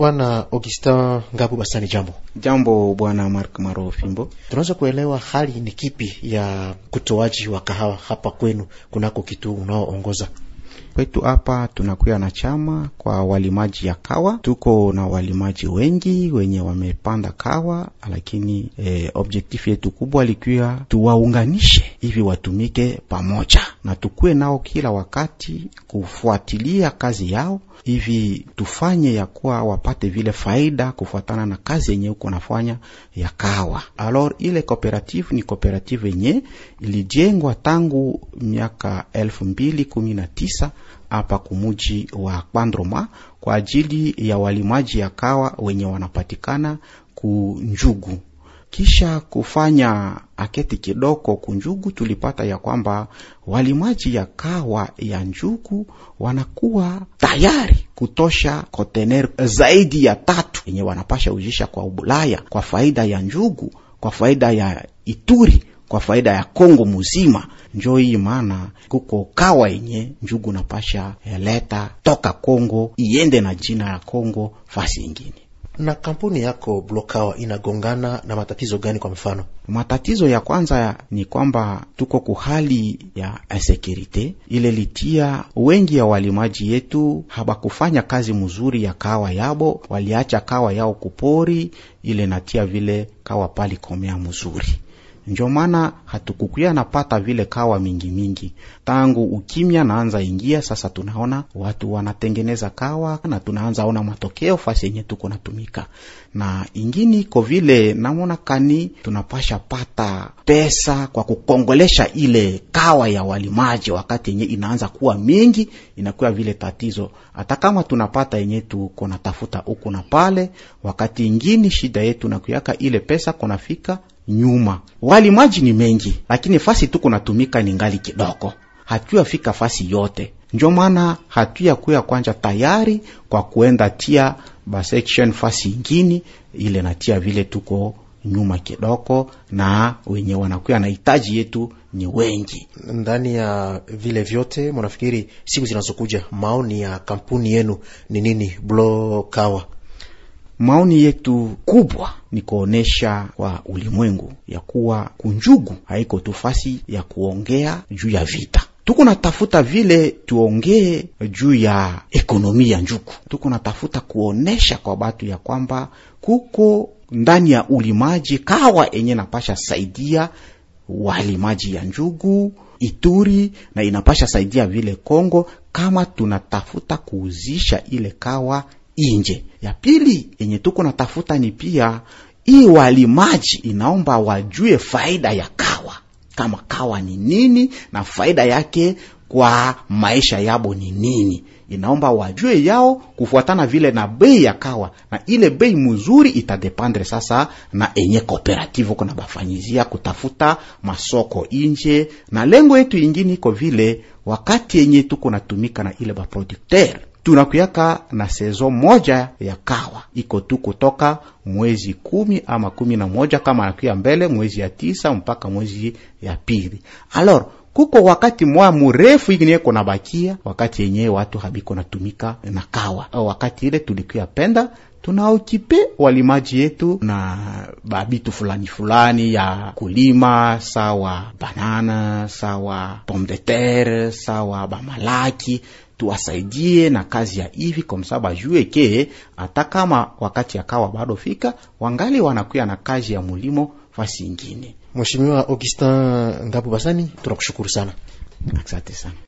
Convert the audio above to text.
Bwana Augustin Ngabu Basani, jambo. Jambo bwana Mark Maro Fimbo. Tunaweza kuelewa hali ni kipi ya kutoaji wa kahawa hapa kwenu kunako kitu unaoongoza? Kwetu hapa tunakuya na chama kwa walimaji ya kawa, tuko na walimaji wengi wenye wamepanda kawa, lakini e, eh, objektif yetu kubwa likiwa tuwaunganishe hivi watumike pamoja na tukuwe nao kila wakati kufuatilia kazi yao hivi tufanye ya kuwa wapate vile faida kufuatana na kazi yenye uko nafanya ya kawa. Alors ile cooperative ni cooperative yenye ilijengwa tangu miaka elfu mbili kumi na tisa hapa kumuji wa Pandroma kwa ajili ya walimaji ya kawa wenye wanapatikana kunjugu. Kisha kufanya aketi kidoko kunjugu, tulipata ya kwamba walimaji ya kawa ya njugu wanakuwa tayari kutosha kotener zaidi ya tatu yenye wanapasha ujisha kwa ubulaya kwa faida ya njugu, kwa faida ya Ituri kwa faida ya Kongo muzima. Njo hii maana kuko kawa yenye njugu napasha eh, leta toka Kongo iende na jina ya Kongo fasi ingine. Na kampuni yako Blokawa inagongana na matatizo gani? Kwa mfano, matatizo ya kwanza ni kwamba tuko kuhali ya insekurite, ile litia wengi ya walimaji yetu habakufanya kazi mzuri ya kawa yabo, waliacha kawa yao kupori, ile natia vile kawa pali komea mzuri ndio maana hatukukuya napata vile kawa mingi mingi tangu ukimya naanza ingia. Sasa tunaona watu wanatengeneza kawa na tunaanza ona matokeo fasi yenye tuko natumika na ingini iko vile, namona kani tunapasha pata pesa kwa kukongolesha ile kawa ya walimaji. Wakati yenye inaanza kuwa mingi, inakuwa vile tatizo, hata kama tunapata yenye tuko natafuta huko na pale, wakati ingini shida yetu nakuyaka ile pesa konafika nyuma. Wali maji ni mengi, lakini fasi tuko natumika ni ngali kidogo, hatuyafika fasi yote. Njo maana hatuyakuya kwanja tayari kwa kuenda tia ba section fasi ingini ile natia vile tuko nyuma kidogo, na wenye wanakuya na hitaji yetu ni wengi. Ndani ya vile vyote, mnafikiri siku zinazokuja maoni ya kampuni yenu ni nini? Blokawa Maoni yetu kubwa ni kuonesha kwa ulimwengu ya kuwa kunjugu haiko tufasi ya kuongea juu ya vita. Tuko natafuta vile tuongee juu ya ekonomi ya njugu, tuko natafuta kuonesha kwa batu ya kwamba kuko ndani ya ulimaji kawa enye napasha saidia walimaji ya njugu Ituri na inapasha saidia vile Kongo, kama tunatafuta kuuzisha ile kawa inje. Ya pili yenye tuko tafuta ni pia hii walimaji inaomba wajue faida ya kawa, kama kawa ni nini na faida yake kwa maisha yabo ni nini. Inaomba wajue yao kufuatana vile na bei ya kawa, na ile bei mzuri itadepandre sasa na enye kooperative kuna bafanyizia kutafuta masoko inje, na lengo yetu ingine iko vile wakati yenye tuko natumika na ile ba tunakuyaka na sezo moja ya kawa iko tu kutoka mwezi kumi ama kumi na moja kama nakuya mbele mwezi ya tisa mpaka mwezi ya pili. Alors kuko wakati mwa murefu ingine kuna bakia wakati yenyewe watu habiko natumika na kawa. Wakati ile tulikuya penda tunaokipe walimaji yetu na babitu fulani fulani ya kulima, sawa banana, sawa pomme de terre, sawa bamalaki tuwasaidie na kazi ya hivi komsa, bajue ke hata kama wakati akawa bado fika, wangali wanakuya na kazi ya mulimo fasi ingine. Mheshimiwa Augustin Ngabu Basani, tunakushukuru sana, asante sana.